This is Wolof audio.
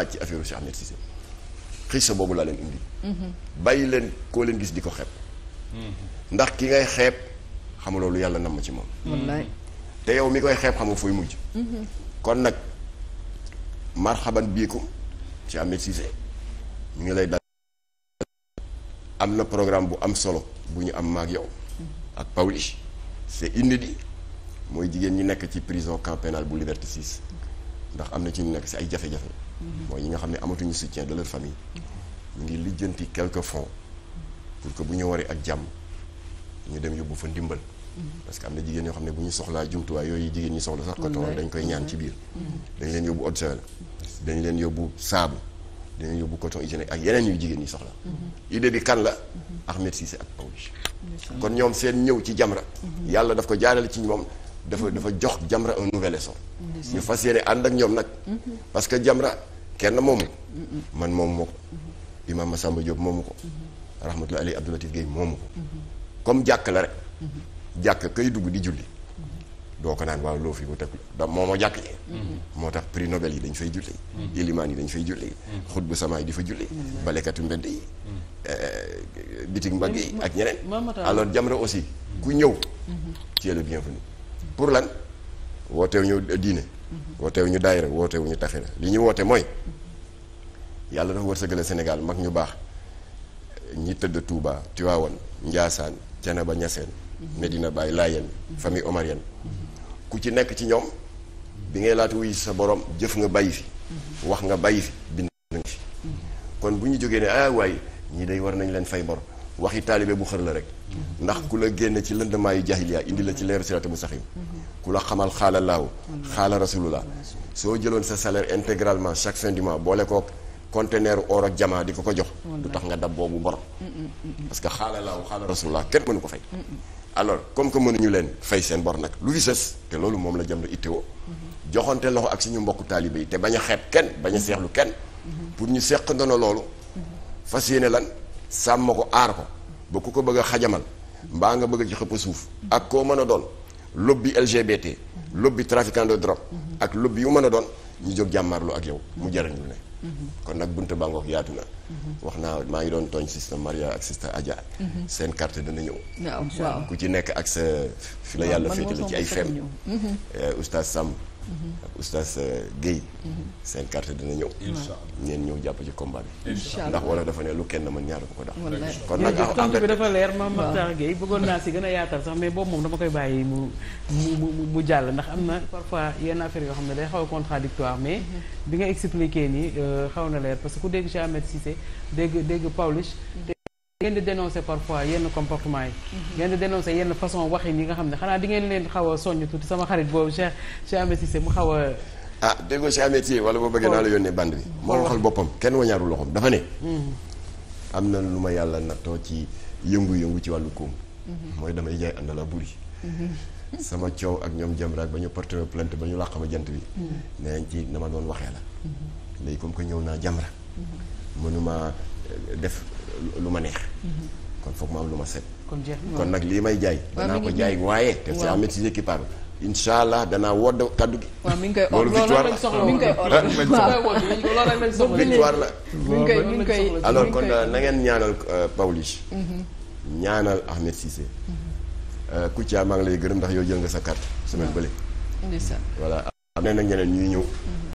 laaj ci affaire Cheikh Ahmed Cissé boobu laa leen indi. bàyyi di ko xeeb. ki ngay xeeb xam loolu yàlla nam ma ci moom. wallaay te yow mi koy xeeb xam nga fooy nag marxaban biikum ci Ahmed ñu ngi lay dal. am na programme bu am solo bu ñu am maag yow. ak Pawlish c'est di mooy jigéen ñi nekk ci prison camp bu Liberté 6. ndax am na ci ñu nekk si ay jafe-jafe. Mhm. mooy ñi nga xam ne amatuñu soutien de leur famille. Mhm. ngi lijjanti quelques fonds pour que bu ñu waree ak jàmm ñu dem yóbbu fa ndimbal. Mhm. parce que am na jigéen yoo xam ne bu ñu soxlaa jumtuwaay yooyu jigéen ñi soxla sax coton dañ koy ñaan ci biir. dañ leen yóbbu eau de Javel dañ leen yóbbu saabu dañ leen yóbbu coton hygiénique ak yeneen yu jigéen ñi soxla. idée bi kan la. Ahmed Cissé ak Pawlish kon ñoom seen ñëw ci Jamra. yàlla daf ko jaarale ci moom dafa dafa jox Jamra un nouvel essor. ñu fas yéene ànd ak ñoom nag. Mm-hmm. parce que Jamra kenn moomu mm-hmm. man moomu ma ko. Mm-hmm. Imam Massamba Diop moomu ko. rahmatulah Ali Abdou Latif Guèye moomu ko. comme jàkk la rek. jàkk kay dugg di julli. doo ko naan waaw loo fi wut ak da moo ma jàkk ji moo tax prix Nobel yi dañ fay julli ilimaan yi dañ fay julli xutbu samaay di fa julli balekatu mbedd yi eh, eh, bitig mbagg yi ak ñeneen alors Jamra aussi ku ñëw tu es le bienvenu pour lan wootewuñu diine wootewuñu daayira wootewuñu tafira li ñu woote mooy yàlla dafa wërsëgale Sénégal mag ñu baax ñi tëdd Touba Tivaouane Ndiassane Thiénaba ñaseen Medina Baye Layène famille omarienne ku ci nekk ci ñoom bi ngay laata wuy sa borom jëf nga bàyyi fi wax nga bàyyi fi bind nga fi kon bu ñu jógee ne ah waay ñii day war nañ leen fay bor waxi taalibe bu xër la rek ndax ku la génne ci lëndamaayu jahiliya indi la ci leeru sirata mustaqim ku la xamal xaala laaw xaala rasulullah soo jëloon sa salaire intégralement chaque fin du mois boole kook conteneur or ak jamaa di ko ko jox du tax nga dab boobu bor parce que xaala xaala rasulullah kenn mënu ko fay alors comme que mënuñu leen fay seen bor nag lu fi sës te loolu moom la jëm la itteewoo joxante loxo ak suñu mbokku taalibe yi te bañ a xeeb kenn bañ a seexlu kenn pour ñu seq ndono loolu fas yéene lan sàmm ko aar ko ba ku ko bëgg a xajamal mbaa nga bëgg ci xëpp suuf ak koo mën a doon lobby LGBT lobby trafiquant de drogue ak lobby yu mën a doon ñu jóg jàmmaarlu ak yow mu jariñul ne kon nag buntu bàngook yaatu na. wax naa maa ngi doon tooñ sister Maria ak sister Adja. seen carte dana ñëw. ku ci nekk ak sa fi la yàlla féetale ci ay fem. Eh, oustaz Sam. ak mm-hmm. oustaz euh, Guèye. Mm-hmm. seen carte dina ñëw. incha mm-hmm. allah ngeen ñëw jàpp ci combat bi. ndax wala dafa ne lu kenn mën ñaar ko ko dax. kon nag en ah, tontu bi ma Makhtar Guèye a yaatal sax mais moom dama koy bàyyi mu mu mu jàll am na parfois yenn affaire yoo xam ne day xaw a contradictoire mais bi nga expliqué nii euh, xaw na leer parce que ku dégg Ahmed Cissé dégg dégg Pawlish. ngeen di dénoncer parfois yenn comportement yi. ngeen di dénoncer yenn façon wax yi nga xam ne xanaa di ngeen leen xaw a soññ tuuti sama xarit boobu Cheikh Cheikh Ahmed Cissé mu xaw a. ah déggoo Cheikh Ahmed Cissé wala boo bëggee naa la yónnee band bi. moo waxal boppam kenn wañaaru loxoom dafa ne. Hmm. am na lu ma yàlla nattoo ci yëngu-yëngu ci wàllu koom. Hmm. mooy damay jaay ànd la buri hmm. sama coow ak ñoom jëm rek ba ñu porté plainte ba ñu làq ma jant bi. nee nañ ci na ma doon waxee la. léegi comme que ñëw naa jam rek mënuma eh, def. lu ma neex. kon foog ma am lu ma set. kon nag lii may jaay. danaa ko jaay waaye. te c'est un métier qui parle. incha allah danaa wodd kaddu gi. waaw mi ngi koy or loolu rek ngi koy ah, or la. mi kon euh, na ñaanal euh, Pawlish. Mhm. ñaanal Ahmed Cissé. Mhm. Euh, Kouthia maa lay gërëm ndax yow jël nga sa carte semaine bële. incha allah voilà am na ñeneen ñuy ñëw. Mhm.